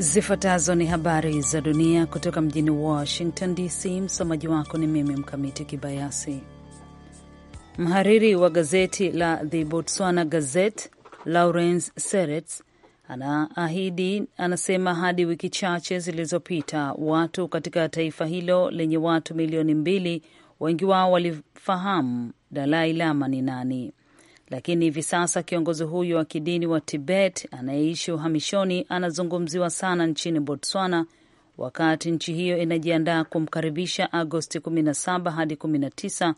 Zifuatazo ni habari za dunia kutoka mjini Washington DC. Msomaji wako ni mimi Mkamiti Kibayasi. Mhariri wa gazeti la The Botswana Gazette Lawrence Serets anaahidi, anasema hadi wiki chache zilizopita watu katika taifa hilo lenye watu milioni mbili, wengi wao walifahamu Dalai Lama ni nani lakini hivi sasa kiongozi huyo wa kidini wa Tibet anayeishi uhamishoni anazungumziwa sana nchini Botswana wakati nchi hiyo inajiandaa kumkaribisha Agosti 17 hadi 19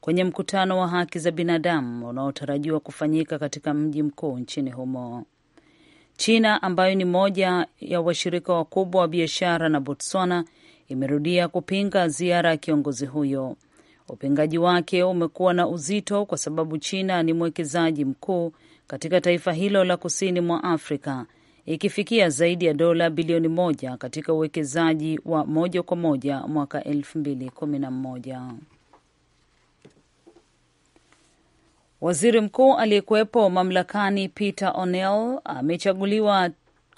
kwenye mkutano wa haki za binadamu unaotarajiwa kufanyika katika mji mkuu nchini humo. China ambayo ni moja ya washirika wakubwa wa biashara na Botswana imerudia kupinga ziara ya kiongozi huyo. Upingaji wake umekuwa na uzito kwa sababu China ni mwekezaji mkuu katika taifa hilo la kusini mwa Afrika, ikifikia zaidi ya dola bilioni moja katika uwekezaji wa moja kwa moja mwaka elfu mbili kumi na mmoja. Waziri mkuu aliyekuwepo mamlakani Peter O'Neill amechaguliwa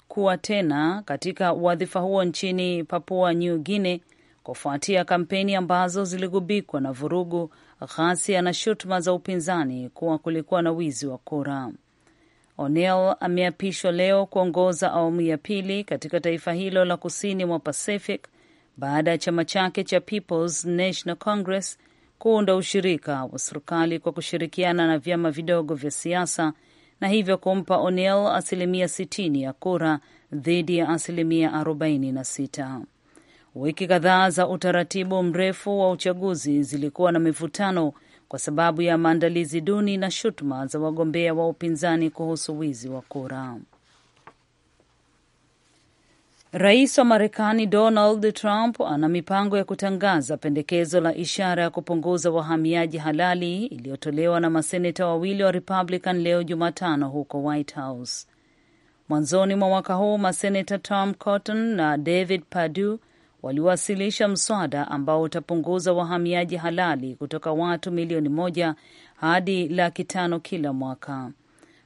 kuwa tena katika wadhifa huo nchini Papua New Guinea kufuatia kampeni ambazo ziligubikwa na vurugu, ghasia na shutuma za upinzani kuwa kulikuwa na wizi wa kura. O'Neill ameapishwa leo kuongoza awamu ya pili katika taifa hilo la kusini mwa Pacific baada ya chama chake cha People's National Congress kuunda ushirika wa serikali kwa kushirikiana na vyama vidogo vya siasa na hivyo kumpa O'Neill asilimia 60 ya kura dhidi ya asilimia 46. Wiki kadhaa za utaratibu mrefu wa uchaguzi zilikuwa na mivutano kwa sababu ya maandalizi duni na shutuma za wagombea wa upinzani kuhusu wizi wa kura. Rais wa Marekani Donald Trump ana mipango ya kutangaza pendekezo la ishara ya kupunguza wahamiaji halali iliyotolewa na maseneta wawili wa Republican leo Jumatano huko White House. Mwanzoni mwa mwaka huu maseneta Tom Cotton na David Perdue waliwasilisha mswada ambao utapunguza wahamiaji halali kutoka watu milioni moja hadi laki tano kila mwaka.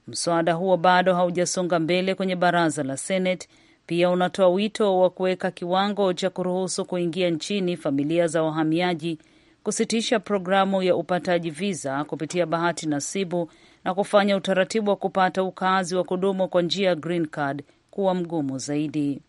Mswada huo bado haujasonga mbele kwenye baraza la Seneti. Pia unatoa wito wa kuweka kiwango cha kuruhusu kuingia nchini familia za wahamiaji, kusitisha programu ya upataji viza kupitia bahati nasibu na kufanya utaratibu wa kupata ukaazi wa kudumu kwa njia ya green card kuwa mgumu zaidi.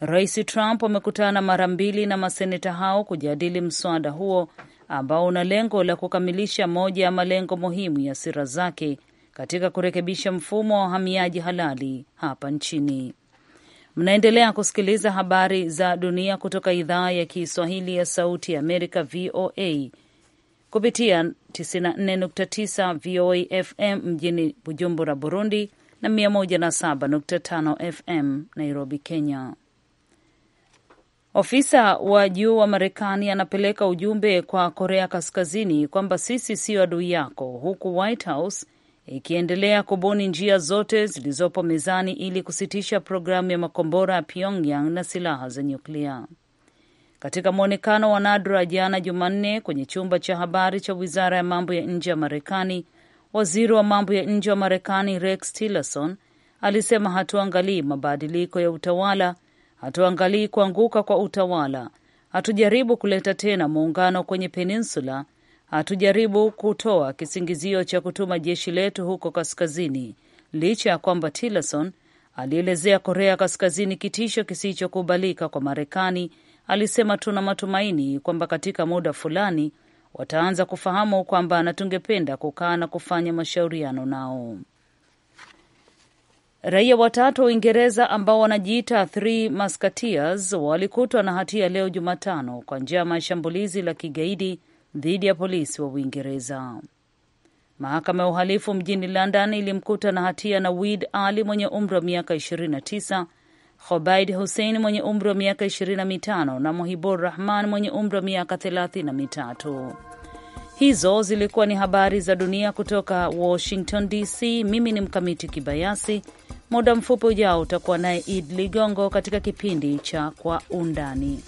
Rais Trump amekutana mara mbili na maseneta hao kujadili mswada huo ambao una lengo la kukamilisha moja ya malengo muhimu ya sera zake katika kurekebisha mfumo wa wahamiaji halali hapa nchini. Mnaendelea kusikiliza habari za dunia kutoka idhaa ya Kiswahili ya Sauti ya Amerika, VOA, kupitia 94.9 VOA FM mjini Bujumbura, Burundi, na 107.5 FM Nairobi, Kenya. Ofisa wa juu wa Marekani anapeleka ujumbe kwa Korea Kaskazini kwamba sisi siyo adui yako, huku White House ikiendelea kubuni njia zote zilizopo mezani ili kusitisha programu ya makombora ya Pyongyang na silaha za nyuklia. Katika mwonekano wa nadra jana Jumanne kwenye chumba cha habari cha wizara ya mambo ya nje ya Marekani, waziri wa mambo ya nje wa Marekani Rex Tillerson alisema hatuangalii mabadiliko ya utawala Hatuangalii kuanguka kwa utawala, hatujaribu kuleta tena muungano kwenye peninsula, hatujaribu kutoa kisingizio cha kutuma jeshi letu huko kaskazini, licha ya kwamba Tillerson alielezea Korea Kaskazini kitisho kisichokubalika kwa Marekani. Alisema tuna matumaini kwamba katika muda fulani wataanza kufahamu kwamba, na tungependa kukaa na kufanya mashauriano nao. Raia watatu wa Uingereza ambao wanajiita Three Musketeers walikutwa na hatia leo Jumatano kwa njama ya shambulizi la kigaidi dhidi ya polisi wa Uingereza. Mahakama ya uhalifu mjini London ilimkuta na hatia na Wid Ali mwenye umri wa miaka 29, Hobaid Hussein mwenye umri wa miaka 25 na Muhibur Rahman mwenye umri wa miaka 33 Hizo zilikuwa ni habari za dunia kutoka Washington DC. Mimi ni Mkamiti Kibayasi. Muda mfupi ujao utakuwa naye Id Ligongo katika kipindi cha Kwa Undani.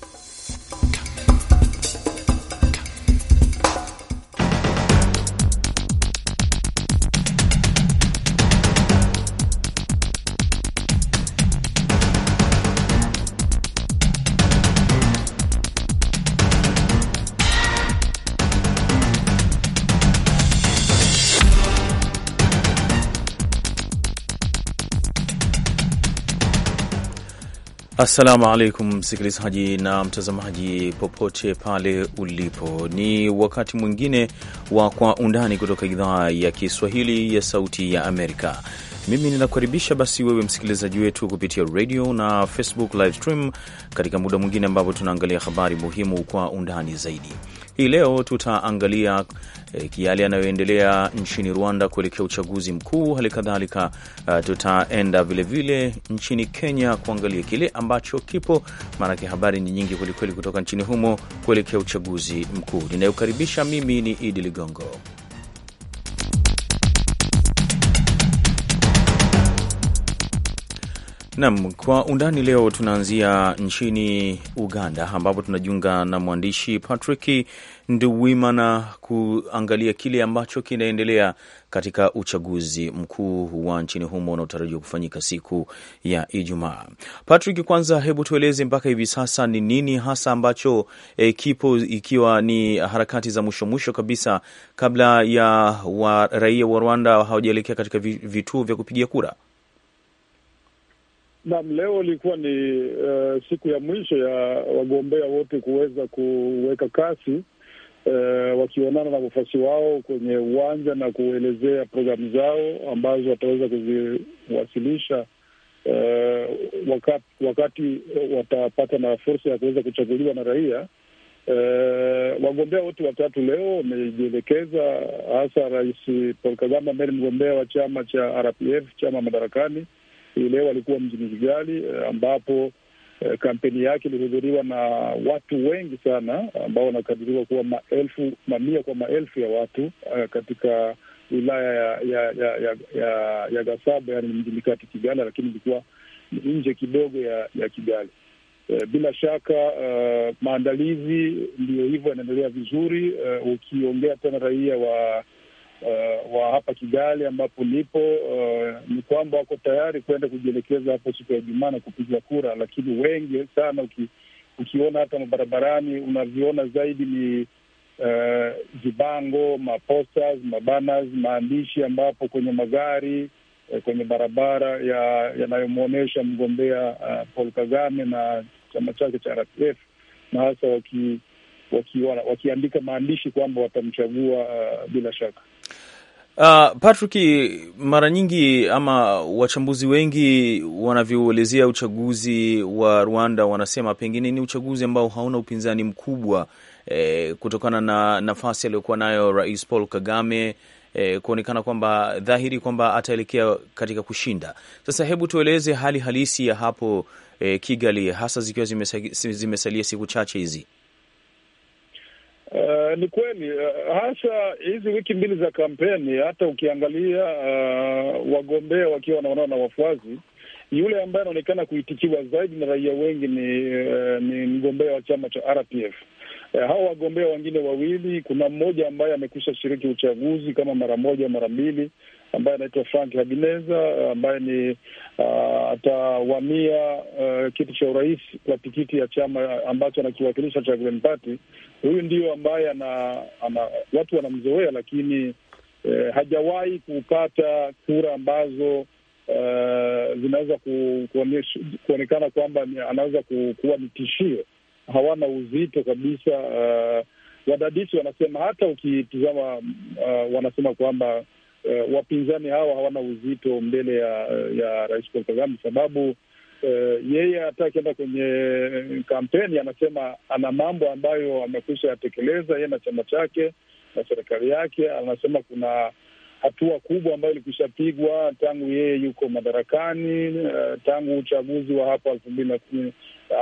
Assalamu alaikum msikilizaji na mtazamaji popote pale ulipo, ni wakati mwingine wa Kwa Undani kutoka idhaa ya Kiswahili ya Sauti ya Amerika. Mimi ninakukaribisha basi wewe msikilizaji wetu kupitia radio na Facebook live stream katika muda mwingine ambapo tunaangalia habari muhimu kwa undani zaidi. Hii leo tutaangalia eh, yale yanayoendelea nchini Rwanda kuelekea uchaguzi mkuu. Hali kadhalika uh, tutaenda vilevile nchini Kenya kuangalia kile ambacho kipo, maanake habari ni nyingi kwelikweli kutoka nchini humo kuelekea uchaguzi mkuu. Ninayokaribisha mimi ni Idi Ligongo. Nam kwa undani leo, tunaanzia nchini Uganda ambapo tunajiunga na mwandishi Patrick Nduwimana kuangalia kile ambacho kinaendelea katika uchaguzi mkuu wa nchini humo unaotarajiwa kufanyika siku ya Ijumaa. Patrick, kwanza hebu tueleze mpaka hivi sasa ni nini hasa ambacho e, kipo ikiwa ni harakati za mwisho mwisho kabisa kabla ya wa raia wa Rwanda hawajaelekea katika vituo vya kupigia kura. Naam, leo ilikuwa ni uh, siku ya mwisho ya wagombea wote kuweza kuweka kasi uh, wakionana na wafuasi wao kwenye uwanja na kuelezea programu zao ambazo wataweza kuziwasilisha uh, wakati, wakati watapata na fursa ya kuweza kuchaguliwa na raia. Uh, wagombea wote watatu leo wamejielekeza, hasa Rais Paul Kagame ambaye ni mgombea wa chama cha RPF, chama madarakani leo alikuwa mjini Kigali eh, ambapo eh, kampeni yake ilihudhuriwa na watu wengi sana ambao wanakadiriwa kuwa maelfu mamia kwa maelfu ya watu eh, katika wilaya ya ya ya ya, ya, ya Gasaba, yani mjini kati Kigali, lakini ilikuwa nje kidogo ya ya Kigali. Bila shaka uh, maandalizi ndiyo hivyo yanaendelea vizuri. Uh, ukiongea tena raia wa uh, wa hapa Kigali ambapo nipo uh, ni kwamba wako tayari kwenda kujielekeza hapo siku ya jumaa na kupiga kura, lakini wengi sana uki, ukiona hata mabarabarani unaviona zaidi ni eh, vibango uh, mabana mabanas, maandishi ambapo kwenye magari kwenye barabara yanayomwonyesha ya mgombea uh, Paul Kagame na chama chake cha RPF na hasa waki, waki, wakiandika maandishi kwamba watamchagua uh, bila shaka. Uh, Patrick, mara nyingi ama wachambuzi wengi wanavyoelezea uchaguzi wa Rwanda wanasema pengine ni uchaguzi ambao hauna upinzani mkubwa eh, kutokana na nafasi aliyokuwa nayo Rais Paul Kagame eh, kuonekana kwamba dhahiri kwamba ataelekea katika kushinda. Sasa hebu tueleze hali halisi ya hapo eh, Kigali hasa zikiwa zimesalia siku chache hizi. Uh, ni kweli uh, eh, hasa hizi wiki mbili za kampeni, hata ukiangalia uh, wagombea wakiwa wanaonana na wafuasi, yule ambaye anaonekana kuitikiwa zaidi na raia wengi ni uh, ni mgombea wa chama cha RPF. Uh, hawa wagombea wengine wawili, kuna mmoja ambaye amekwisha shiriki uchaguzi kama mara moja mara mbili, ambaye anaitwa Frank Habineza ambaye ni uh, atawania uh, kiti cha urais kwa tikiti ya chama ambacho anakiwakilisha cha Green Party. Huyu ndio ambaye ana, ana watu wanamzoea, lakini eh, hajawahi kupata kura ambazo uh, zinaweza ku, kuonekana kwamba anaweza ku, kuwa ni tishio. Hawana uzito kabisa. Uh, wadadisi wanasema hata ukitizama, uh, wanasema kwamba uh, wapinzani hawa hawana uzito mbele ya, eh, ya Rais Paul Kagame sababu Uh, yeye hata akienda kwenye kampeni anasema ana mambo ambayo amekwisha yatekeleza yeye na chama chake na serikali yake. Anasema kuna hatua kubwa ambayo ilikwisha pigwa tangu yeye yuko madarakani, uh, tangu uchaguzi wa hapa elfu mbili na kumi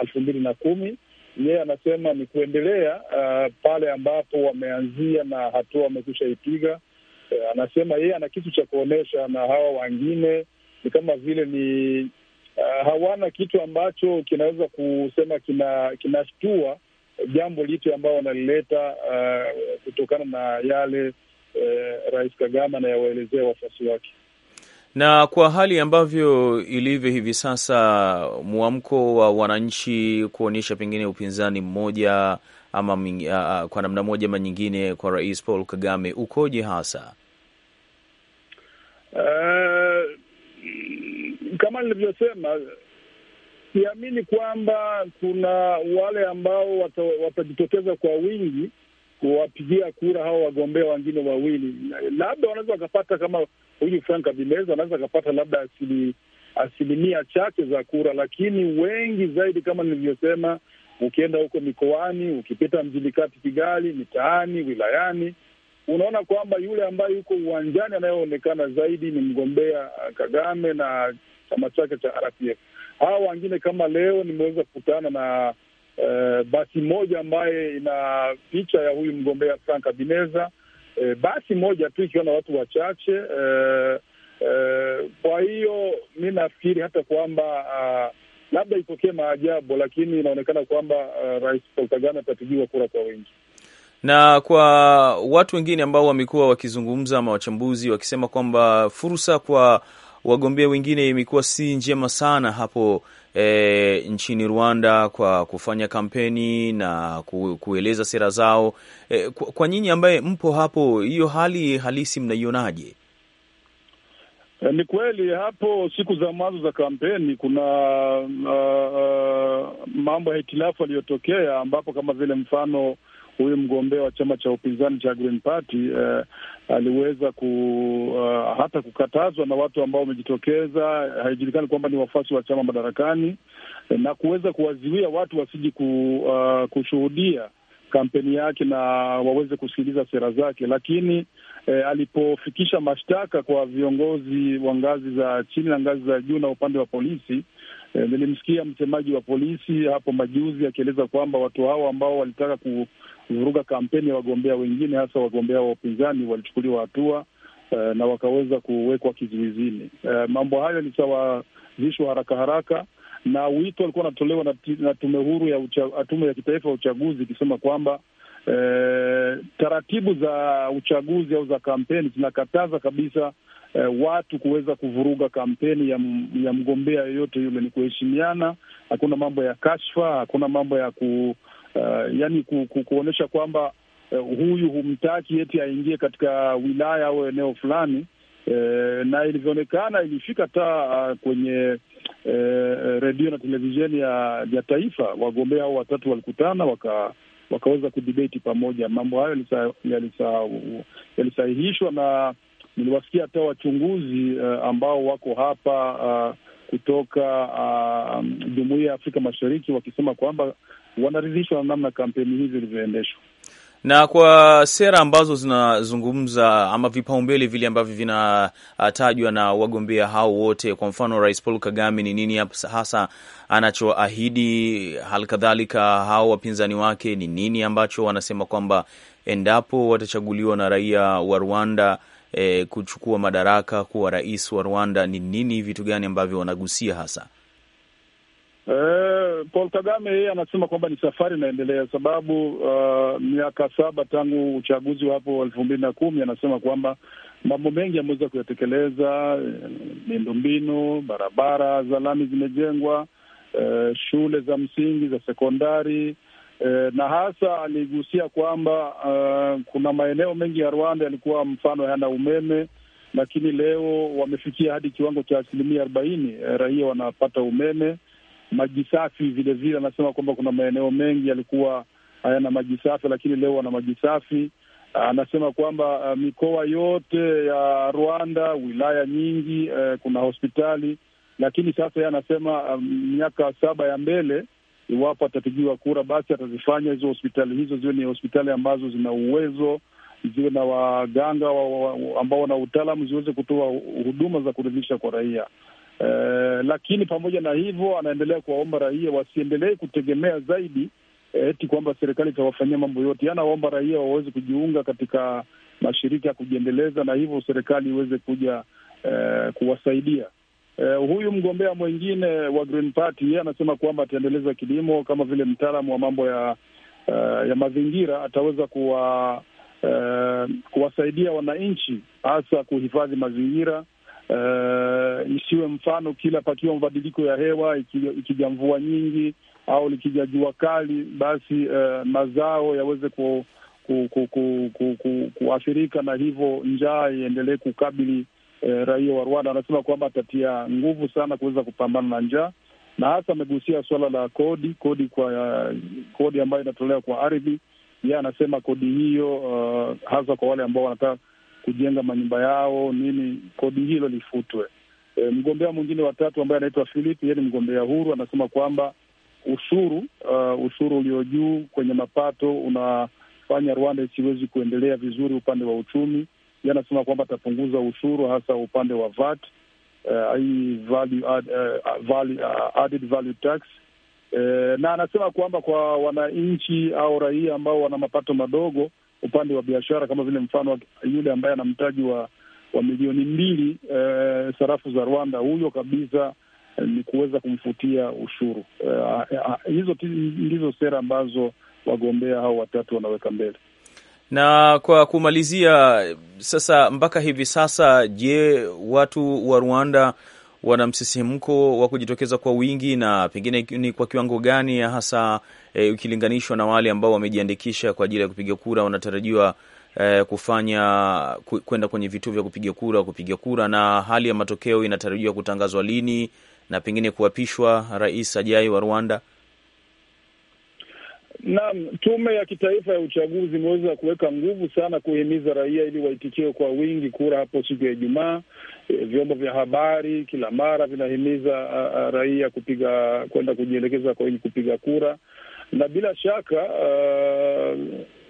elfu mbili na kumi yeye anasema ni kuendelea uh, pale ambapo wameanzia na hatua wamekwisha ipiga eh, anasema yeye ana kitu cha kuonyesha na hawa wengine ni kama vile ni uh, hawana kitu ambacho kinaweza kusema kina kinashtua jambo lipi ambayo wanalileta uh, kutokana na yale uh, Rais Kagame anayewaelezea wafuasi wake na kwa hali ambavyo ilivyo hivi sasa, mwamko wa wananchi kuonyesha pengine upinzani mmoja ama mingi, a, kwa namna moja ama nyingine kwa Rais Paul Kagame ukoje hasa? Uh, kama nilivyosema, siamini kwamba kuna wale ambao watajitokeza kwa wingi kuwapigia kura hawa wagombea wengine wawili. Labda wanaweza wakapata kama huyu Frank Kabineza, wanaweza akapata labda asili asilimia chache za kura, lakini wengi zaidi, kama nilivyosema, Ukienda huko mikoani, ukipita mjini kati Kigali, mitaani, wilayani, unaona kwamba yule ambaye yuko uwanjani anayeonekana zaidi ni mgombea uh, Kagame na chama chake cha RPF. Hawa wengine kama leo nimeweza kukutana na uh, basi moja ambaye ina picha ya huyu mgombea Frank bineza uh, eh, basi moja tu ikiwa na watu wachache uh, uh, kwa hiyo mi nafikiri hata kwamba uh, labda itokee maajabu, lakini inaonekana kwamba uh, Rais Paul Kagame atapigiwa kura kwa wengi na kwa watu wengine ambao wamekuwa wakizungumza ama wachambuzi wakisema kwamba fursa kwa wagombea wengine imekuwa si njema sana hapo e, nchini Rwanda kwa kufanya kampeni na kueleza sera zao. E, kwa, kwa nyinyi ambaye mpo hapo, hiyo hali halisi mnaionaje? Eh, ni kweli hapo siku za mwanzo za kampeni kuna uh, uh, mambo ya hitilafu yaliyotokea, ambapo kama vile mfano huyu mgombea wa chama cha upinzani cha Green Party uh, aliweza ku uh, hata kukatazwa na watu ambao wamejitokeza, haijulikani kwamba ni wafuasi wa chama madarakani, eh, na kuweza kuwaziwia watu wasiji ku, uh, kushuhudia kampeni yake na waweze kusikiliza sera zake, lakini eh, alipofikisha mashtaka kwa viongozi wa ngazi za chini na ngazi za juu na upande wa polisi. E, nilimsikia msemaji wa polisi hapo majuzi akieleza kwamba watu hao ambao walitaka kuvuruga kampeni ya wagombea wengine, hasa wagombea wa upinzani, walichukuliwa hatua e, na wakaweza kuwekwa kizuizini. E, mambo hayo yalisawazishwa haraka haraka na wito alikuwa anatolewa na, na tume huru ya ucha, tume ya kitaifa ya uchaguzi ikisema kwamba e, taratibu za uchaguzi au za kampeni zinakataza kabisa e, watu kuweza kuvuruga kampeni ya, ya mgombea yoyote yule. Ni kuheshimiana, hakuna mambo ya kashfa, hakuna mambo ya ku uh, yani ku, ku, kuonyesha kwamba uh, huyu humtaki eti aingie katika wilaya au eneo fulani. E, na ilivyoonekana ilifika uh, kwenye uh, redio na televisheni ya, ya taifa. Wagombea hao watatu walikutana waka wakaweza kudibeti pamoja. Mambo hayo yalisahihishwa na niliwasikia hata wachunguzi uh, ambao wako hapa uh, kutoka ah, jumuiya uh, ya Afrika Mashariki wakisema kwamba wanaridhishwa na namna kampeni hizi zilivyoendeshwa na kwa sera ambazo zinazungumza ama vipaumbele vile ambavyo vinatajwa na wagombea hao wote, kwa mfano Rais Paul Kagame, ni nini hasa anachoahidi? Halikadhalika hao wapinzani wake ni nini ambacho wanasema kwamba endapo watachaguliwa na raia wa Rwanda e, kuchukua madaraka kuwa rais wa Rwanda, ni nini, vitu gani ambavyo wanagusia hasa e Paul Kagame yeye anasema kwamba ni safari inaendelea, sababu uh, miaka saba tangu uchaguzi wa hapo elfu mbili na kumi anasema kwamba mambo mengi yameweza kuyatekeleza, eh, miundombinu, barabara za lami zimejengwa, uh, shule za msingi za sekondari eh, na hasa aligusia kwamba uh, kuna maeneo mengi ya Rwanda yalikuwa mfano hayana umeme, lakini leo wamefikia hadi kiwango cha asilimia arobaini raia wanapata umeme maji safi vilevile. Anasema kwamba kuna maeneo mengi yalikuwa hayana maji safi, lakini leo wana maji safi. Anasema kwamba uh, mikoa yote ya Rwanda, wilaya nyingi, uh, kuna hospitali, lakini sasa yeye anasema um, miaka saba ya mbele, iwapo atapigiwa kura, basi atazifanya hizo hospitali hizo ziwe ni hospitali ambazo zina uwezo, ziwe na waganga wa, wa, ambao wana utaalamu, ziweze kutoa huduma za kuridhisha kwa raia. Eh, lakini pamoja na hivyo anaendelea kuwaomba raia wasiendelee kutegemea zaidi eh, eti kwamba serikali itawafanyia mambo yote. Yaani anawaomba raia waweze kujiunga katika mashirika ya kujiendeleza na hivyo serikali iweze kuja eh, kuwasaidia. Eh, huyu mgombea mwingine wa Green Party yeye anasema kwamba ataendeleza kilimo kama vile mtaalamu wa mambo ya Uh, ya mazingira ataweza kuwa, uh, kuwasaidia wananchi hasa kuhifadhi mazingira uh, uh, isiwe mfano kila pakiwa mabadiliko ya hewa, ikija mvua nyingi au likija jua kali, basi uh, mazao yaweze ku, ku, ku, ku, ku, ku, kuathirika na hivyo njaa iendelee kukabili uh, raia wa Rwanda. Anasema kwamba atatia nguvu sana kuweza kupambana na njaa, na hasa amegusia suala la kodi kodi kwa uh, kodi ambayo inatolewa kwa ardhi. Yeye anasema kodi hiyo uh, hasa kwa wale ambao wanataka kujenga manyumba yao nini, kodi hilo lifutwe. E, mgombea mwingine wa tatu ambaye anaitwa Philip, yeye ni mgombea huru, anasema kwamba ushuru uh, ushuru ulio juu kwenye mapato unafanya Rwanda isiwezi kuendelea vizuri upande wa uchumi. Yeye anasema kwamba atapunguza ushuru hasa upande wa VAT uh, hii uh, value add, uh, value, uh, added value tax uh, na anasema kwamba kwa wananchi au raia ambao wana mapato madogo upande wa biashara, kama vile mfano yule ambaye ana mtaji wa wa milioni mbili e, sarafu za Rwanda, huyo kabisa eh, ni kuweza kumfutia ushuru. Eh, ah, ah, hizo e, ndizo sera ambazo wagombea hao watatu wanaweka mbele. Na kwa kumalizia sasa, mpaka hivi sasa, je, watu wa Rwanda wana msisimko wa kujitokeza kwa wingi na pengine ni kwa kiwango gani hasa, e, ukilinganishwa na wale ambao wamejiandikisha kwa ajili ya kupiga kura, wanatarajiwa eh, kufanya kwenda kwenye vituo vya kupiga kura kupiga kura, na hali ya matokeo inatarajiwa kutangazwa lini na pengine kuapishwa rais ajai wa Rwanda? Naam, Tume ya Kitaifa ya Uchaguzi imeweza kuweka nguvu sana kuhimiza raia ili wahitikiwe kwa wingi kura hapo siku ya Ijumaa. E, vyombo vya habari kila mara vinahimiza raia kupiga kwenda kujielekeza kwa wingi kupiga kura, na bila shaka a,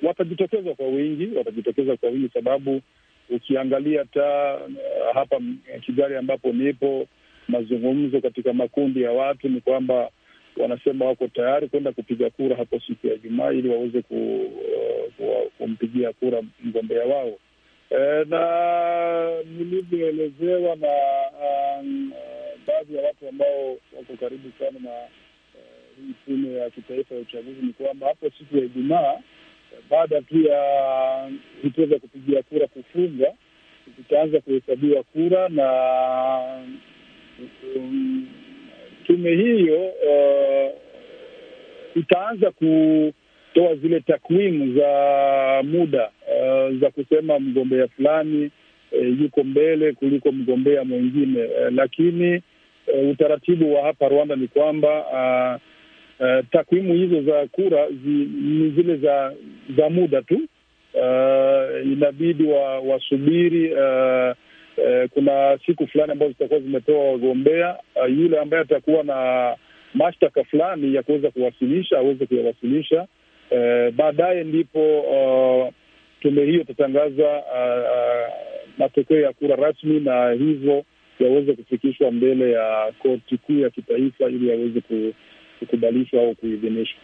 watajitokeza kwa wingi, watajitokeza kwa wingi sababu ukiangalia ta eh, hapa eh, Kigali ambapo nipo, mazungumzo katika makundi ya watu ni kwamba wanasema wako tayari kwenda kupiga kura hapo siku ya Ijumaa ili waweze ku, uh, ku, kumpigia kura mgombea wao e, na nilivyoelezewa na um, baadhi ya watu ambao wako karibu sana na hii uh, tume ya kitaifa ya uchaguzi ni kwamba hapo siku ya Ijumaa baada tu ya vituo vya kupigia kura kufungwa, tutaanza kuhesabiwa kura na um, tume hiyo uh, itaanza kutoa zile takwimu za muda uh, za kusema mgombea fulani uh, yuko mbele kuliko mgombea mwingine uh, lakini uh, utaratibu wa hapa Rwanda ni kwamba uh, Uh, takwimu hizo za kura ni zile za za muda tu. Uh, inabidi wa, wasubiri uh, uh, kuna siku fulani ambazo zitakuwa zimepewa wagombea uh, yule ambaye atakuwa na mashtaka fulani ya kuweza kuwasilisha aweze kuyawasilisha. Uh, baadaye ndipo uh, tume hiyo itatangaza uh, uh, matokeo ya kura rasmi na hivyo yaweze kufikishwa mbele ya koti kuu ya kitaifa ili yaweze ku kukubalishwa au kuidhinishwa.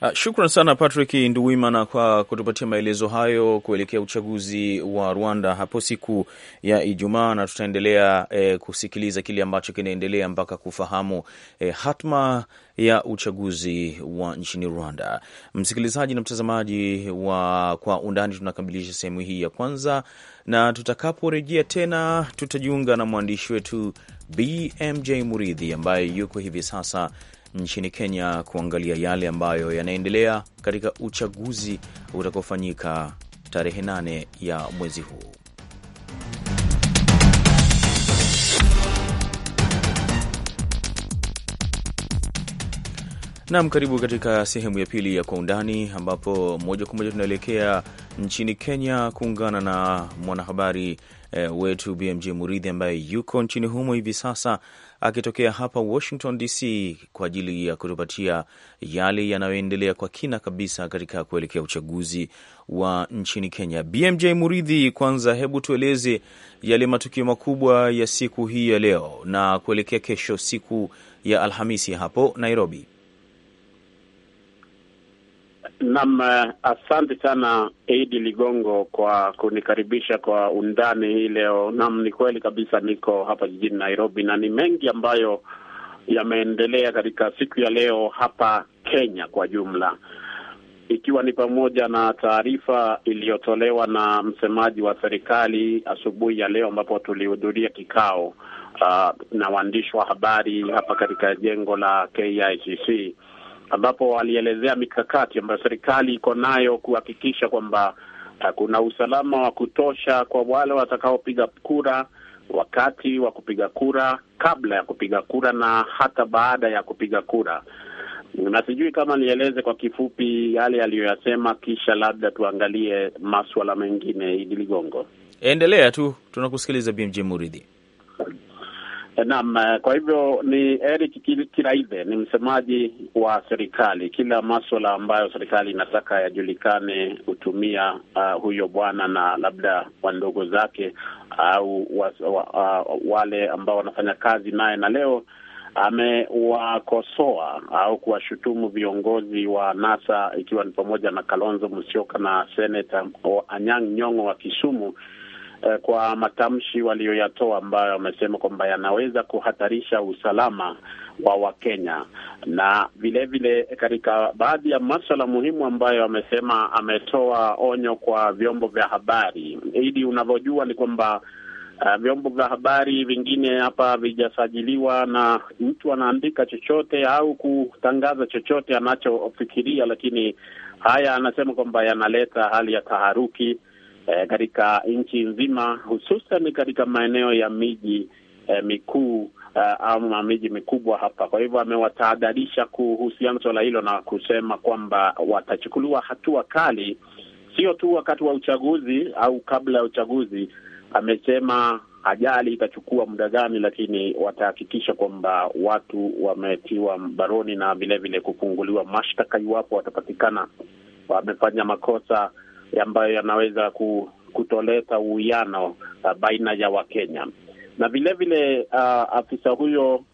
Ah, shukran sana Patrick Nduwimana kwa kutupatia maelezo hayo kuelekea uchaguzi wa Rwanda hapo siku ya Ijumaa, na tutaendelea eh, kusikiliza kile ambacho kinaendelea mpaka kufahamu eh, hatma ya uchaguzi wa nchini Rwanda. Msikilizaji na mtazamaji wa Kwa Undani, tunakamilisha sehemu hii ya kwanza, na tutakaporejea tena tutajiunga na mwandishi wetu BMJ Muridhi ambaye yuko hivi sasa nchini Kenya kuangalia yale ambayo yanaendelea katika uchaguzi utakaofanyika tarehe nane ya mwezi huu. Nam, karibu katika sehemu ya pili ya Kwa Undani, ambapo moja kwa moja tunaelekea nchini Kenya kuungana na mwanahabari e, wetu BMJ Muridhi ambaye yuko nchini humo hivi sasa akitokea hapa Washington DC kwa ajili ya kutupatia yale yanayoendelea kwa kina kabisa katika kuelekea uchaguzi wa nchini Kenya. BMJ Muridhi, kwanza hebu tueleze yale matukio makubwa ya siku hii ya leo na kuelekea kesho siku ya Alhamisi hapo Nairobi. Nam, eh, asante sana Idi Ligongo kwa kunikaribisha kwa undani hii leo. Nam, ni kweli kabisa, niko hapa jijini Nairobi na ni mengi ambayo yameendelea katika siku ya leo hapa Kenya kwa jumla, ikiwa ni pamoja na taarifa iliyotolewa na msemaji wa serikali asubuhi ya leo, ambapo tulihudhuria kikao uh, na waandishi wa habari hapa katika jengo la KICC ambapo walielezea mikakati ambayo serikali iko nayo kuhakikisha kwamba uh, kuna usalama wa kutosha kwa wale watakaopiga kura wakati wa kupiga kura, kabla ya kupiga kura na hata baada ya kupiga kura. Na sijui kama nieleze kwa kifupi yale aliyoyasema, kisha labda tuangalie maswala mengine. Idi Ligongo, endelea tu, tunakusikiliza BMJ Muridhi. Naam, eh, kwa hivyo ni Eric Kiraithe, ni msemaji wa serikali. Kila maswala ambayo serikali inataka yajulikane hutumia uh, huyo bwana na labda wandogo zake au uh, wa, uh, wale ambao wanafanya kazi naye, na leo amewakosoa au kuwashutumu viongozi wa NASA ikiwa ni pamoja na Kalonzo Musyoka na seneta Anyang' Nyong'o wa Kisumu eh, kwa matamshi waliyoyatoa ambayo wamesema kwamba yanaweza kuhatarisha usalama wa Wakenya na vilevile katika baadhi ya maswala muhimu ambayo amesema, ametoa onyo kwa vyombo vya habari. Idi, unavyojua ni kwamba Uh, vyombo vya habari vingine hapa vijasajiliwa na mtu anaandika chochote au kutangaza chochote anachofikiria, lakini haya anasema kwamba yanaleta hali ya taharuki eh, katika nchi nzima, hususan katika maeneo ya miji eh, mikuu eh, ama miji mikubwa hapa. Kwa hivyo amewatahadharisha kuhusiana swala hilo na kusema kwamba watachukuliwa hatua kali, sio tu wakati wa uchaguzi au kabla ya uchaguzi. Amesema ajali itachukua muda gani, lakini watahakikisha kwamba watu wametiwa baroni na vilevile kufunguliwa mashtaka iwapo watapatikana wamefanya makosa ambayo yanaweza kutoleta uwiano uh, baina ya Wakenya na vilevile uh, afisa huyo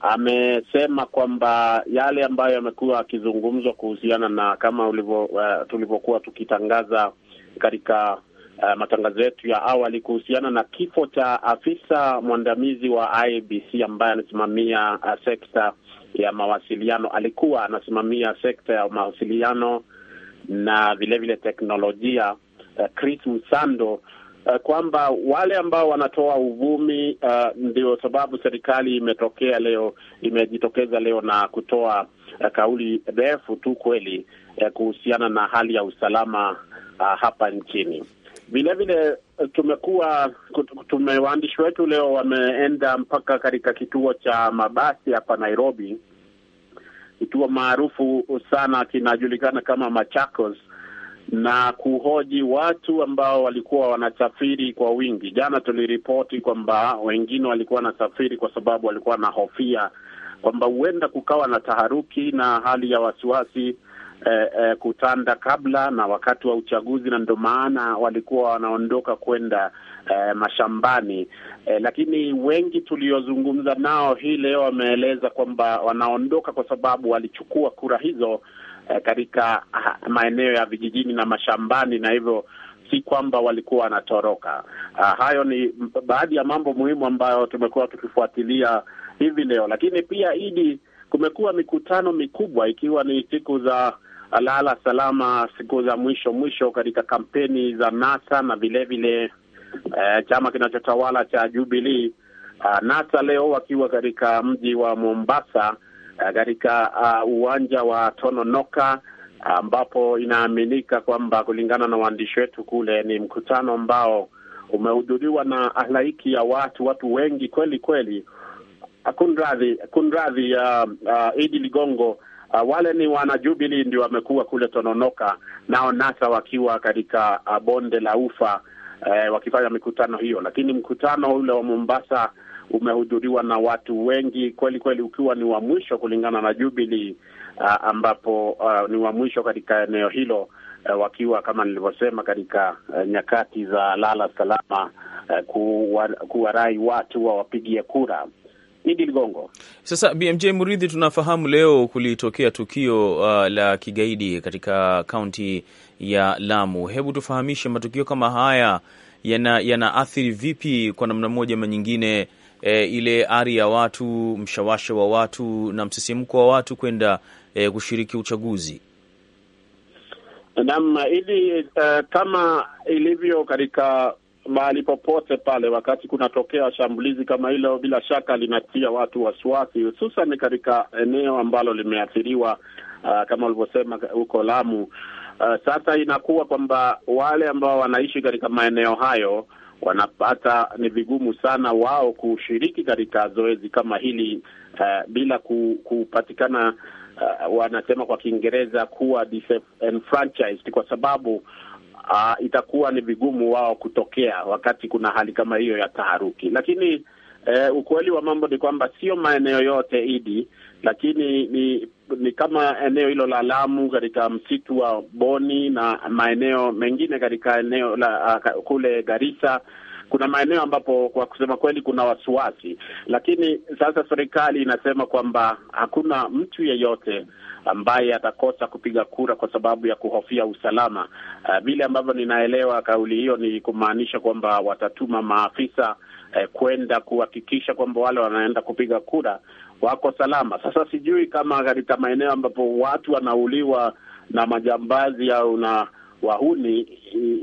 amesema kwamba yale ambayo yamekuwa akizungumzwa kuhusiana na kama uh, tulivyokuwa tukitangaza katika uh, matangazo yetu ya awali kuhusiana na kifo cha afisa mwandamizi wa IBC ambaye anasimamia uh, sekta ya mawasiliano, alikuwa anasimamia sekta ya mawasiliano na vilevile vile teknolojia uh, Chris Msando uh, kwamba wale ambao wanatoa uvumi uh, ndio sababu serikali imetokea leo imejitokeza leo na kutoa uh, kauli refu tu kweli uh, kuhusiana na hali ya usalama uh, hapa nchini. Vilevile tumekuwa tume waandishi wetu leo wameenda mpaka katika kituo cha mabasi hapa Nairobi kituo maarufu sana kinajulikana kama Machakos na kuhoji watu ambao walikuwa wanasafiri kwa wingi. Jana tuliripoti kwamba wengine walikuwa wanasafiri kwa sababu walikuwa wanahofia kwamba huenda kukawa na taharuki na hali ya wasiwasi eh, eh, kutanda kabla na wakati wa uchaguzi, na ndio maana walikuwa wanaondoka kwenda eh, mashambani eh, lakini wengi tuliozungumza nao hii leo wameeleza kwamba wanaondoka kwa sababu walichukua kura hizo eh, katika ah, maeneo ya vijijini na mashambani na hivyo si kwamba walikuwa wanatoroka. Ah, hayo ni baadhi ya mambo muhimu ambayo tumekuwa tukifuatilia hivi leo, lakini pia idi kumekuwa mikutano mikubwa ikiwa ni siku za lala salama siku za mwisho mwisho katika kampeni za NASA na vilevile uh, eh, chama kinachotawala cha jubilii Uh, ah, NASA leo wakiwa katika mji wa Mombasa uh, katika uh, uwanja wa Tononoka ambapo uh, inaaminika kwamba kulingana na waandishi wetu kule, ni mkutano ambao umehudhuriwa na halaiki ya watu, watu wengi kweli kweli. Kunradhi, kunradhi, uh, uh, Idi Ligongo uh, wale ni wana Jubili ndio wamekuwa kule Tononoka, nao NASA wakiwa katika uh, bonde la ufa uh, wakifanya mikutano hiyo, lakini mkutano ule wa Mombasa umehudhuriwa na watu wengi kweli kweli, ukiwa ni wa mwisho kulingana na Jubili uh, ah, ambapo uh, ni wa mwisho katika eneo hilo uh, wakiwa kama nilivyosema katika uh, nyakati za lala salama uh, kuwarai watu wawapigie kura. Idi Ligongo. Sasa BMJ Muridhi, tunafahamu leo kulitokea tukio uh, la kigaidi katika kaunti ya Lamu. Hebu tufahamishe matukio kama haya yana yanaathiri vipi kwa namna moja ama nyingine, e, ile ari ya watu, mshawasha wa watu na msisimko wa watu kwenda e, kushiriki uchaguzi? Naam, ili uh, eh, kama ilivyo katika mahali popote pale, wakati kunatokea shambulizi kama hilo, bila shaka linatia watu wasiwasi, hususan katika eneo ambalo limeathiriwa uh, kama ulivyosema huko Lamu. Uh, sasa inakuwa kwamba wale ambao wanaishi katika maeneo hayo wanapata ni vigumu sana wao kushiriki katika zoezi kama hili uh, bila ku, kupatikana uh, wanasema kwa Kiingereza kuwa disenfranchised, kwa sababu uh, itakuwa ni vigumu wao kutokea wakati kuna hali kama hiyo ya taharuki. Lakini uh, ukweli wa mambo ni kwamba sio maeneo yote idi, lakini ni ni kama eneo hilo la Lamu katika msitu wa Boni na maeneo mengine katika eneo la uh, kule Garissa kuna maeneo ambapo kwa kusema kweli kuna wasiwasi, lakini sasa serikali inasema kwamba hakuna mtu yeyote ambaye atakosa kupiga kura kwa sababu ya kuhofia usalama. Eh, vile uh, ambavyo ninaelewa kauli hiyo ni kumaanisha kwamba watatuma maafisa uh, kwenda kuhakikisha kwamba wale wanaenda kupiga kura wako salama. Sasa sijui kama katika maeneo ambapo watu wanauliwa na majambazi au na wahuni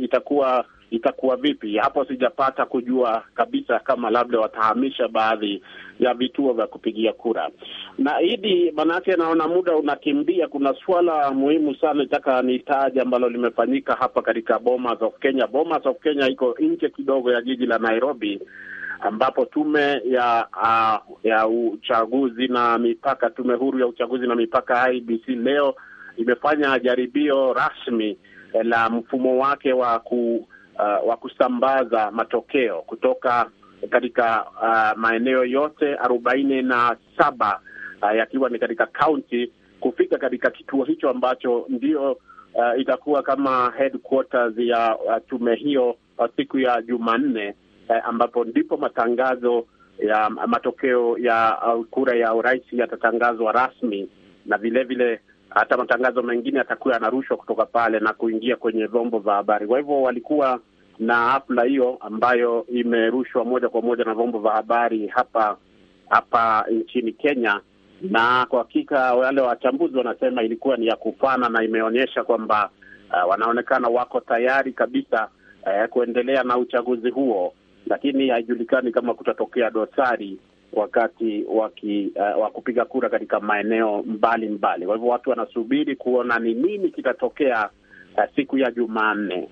itakuwa itakuwa vipi? Hapo sijapata kujua kabisa kama labda watahamisha baadhi ya vituo vya kupigia kura. Na Idi, manake naona muda unakimbia, kuna suala muhimu sana nataka nitaje ambalo limefanyika hapa katika Bomas of Kenya. Bomas of Kenya iko nje kidogo ya jiji la Nairobi ambapo tume ya uh, ya uchaguzi na mipaka, tume huru ya uchaguzi na mipaka IBC leo imefanya jaribio rasmi la mfumo wake wa ku, uh, wa kusambaza matokeo kutoka katika uh, maeneo yote arobaini na saba uh, yakiwa ni katika kaunti kufika katika kituo hicho ambacho ndio uh, itakuwa kama headquarters ya uh, tume hiyo uh, siku ya Jumanne uh, ambapo ndipo matangazo ya matokeo ya uh, kura ya urais yatatangazwa rasmi na vilevile hata matangazo mengine yatakuwa yanarushwa kutoka pale na kuingia kwenye vyombo vya habari. Kwa hivyo walikuwa na hafla hiyo ambayo imerushwa moja kwa moja na vyombo vya habari hapa hapa nchini Kenya, na kwa hakika wale wachambuzi wanasema ilikuwa ni ya kufana na imeonyesha kwamba uh, wanaonekana wako tayari kabisa uh, kuendelea na uchaguzi huo, lakini haijulikani kama kutatokea dosari wakati waki, uh, wa kupiga kura katika maeneo mbalimbali. Kwa hivyo watu wanasubiri kuona ni nini kitatokea uh, siku ya Jumanne.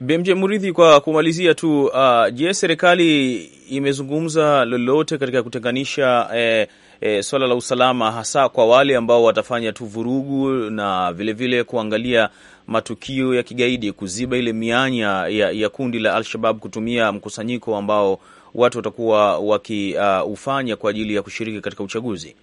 BMJ Muridhi, kwa kumalizia tu uh, je, serikali imezungumza lolote katika kutenganisha eh, eh, swala la usalama hasa kwa wale ambao watafanya tu vurugu na vilevile vile kuangalia matukio ya kigaidi, kuziba ile mianya ya, ya kundi la Al-Shabab kutumia mkusanyiko ambao watu watakuwa wakiufanya uh, kwa ajili ya kushiriki katika uchaguzi?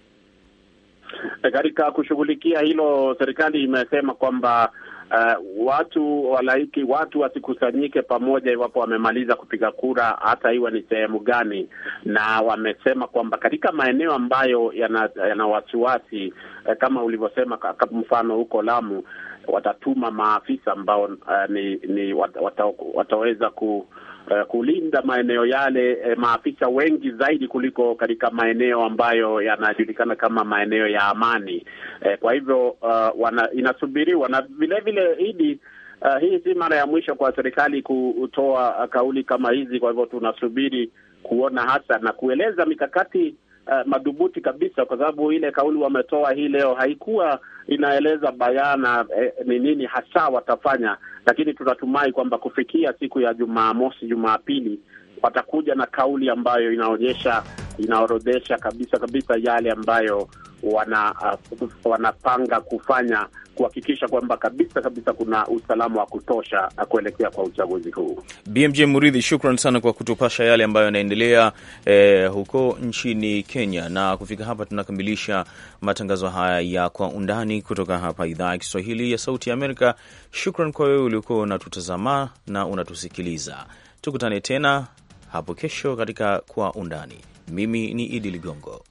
E, katika kushughulikia hilo serikali imesema kwamba Uh, watu walaiki watu wasikusanyike pamoja iwapo wamemaliza kupiga kura, hata iwe ni sehemu gani, na wamesema kwamba katika maeneo ambayo yana, yana wasiwasi eh, kama ulivyosema, mfano huko Lamu watatuma maafisa ambao uh, ni, ni wata, wata, wataweza ku uh, kulinda maeneo yale eh, maafisa wengi zaidi kuliko katika maeneo ambayo yanajulikana kama maeneo ya amani eh, kwa hivyo uh, wana, inasubiriwa na vilevile idi Uh, hii si mara ya mwisho kwa serikali kutoa kauli kama hizi. Kwa hivyo tunasubiri kuona hasa na kueleza mikakati uh, madhubuti kabisa, kwa sababu ile kauli wametoa hii leo haikuwa inaeleza bayana eh, ni eh, nini hasa watafanya, lakini tunatumai kwamba kufikia siku ya Jumamosi, Jumapili watakuja na kauli ambayo inaonyesha, inaorodhesha kabisa kabisa yale ambayo wana, uh, wanapanga kufanya kuhakikisha kwamba kabisa kabisa kuna usalama wa kutosha uh, kuelekea kwa uchaguzi huu. BMJ Muridhi, shukran sana kwa kutupasha yale ambayo yanaendelea eh, huko nchini Kenya. Na kufika hapa tunakamilisha matangazo haya ya kwa undani kutoka hapa idhaa ya Kiswahili ya Sauti ya Amerika. Shukran kwa wewe uliokuwa unatutazama na unatusikiliza. Tukutane tena hapo kesho katika kwa undani. Mimi ni Idi Ligongo.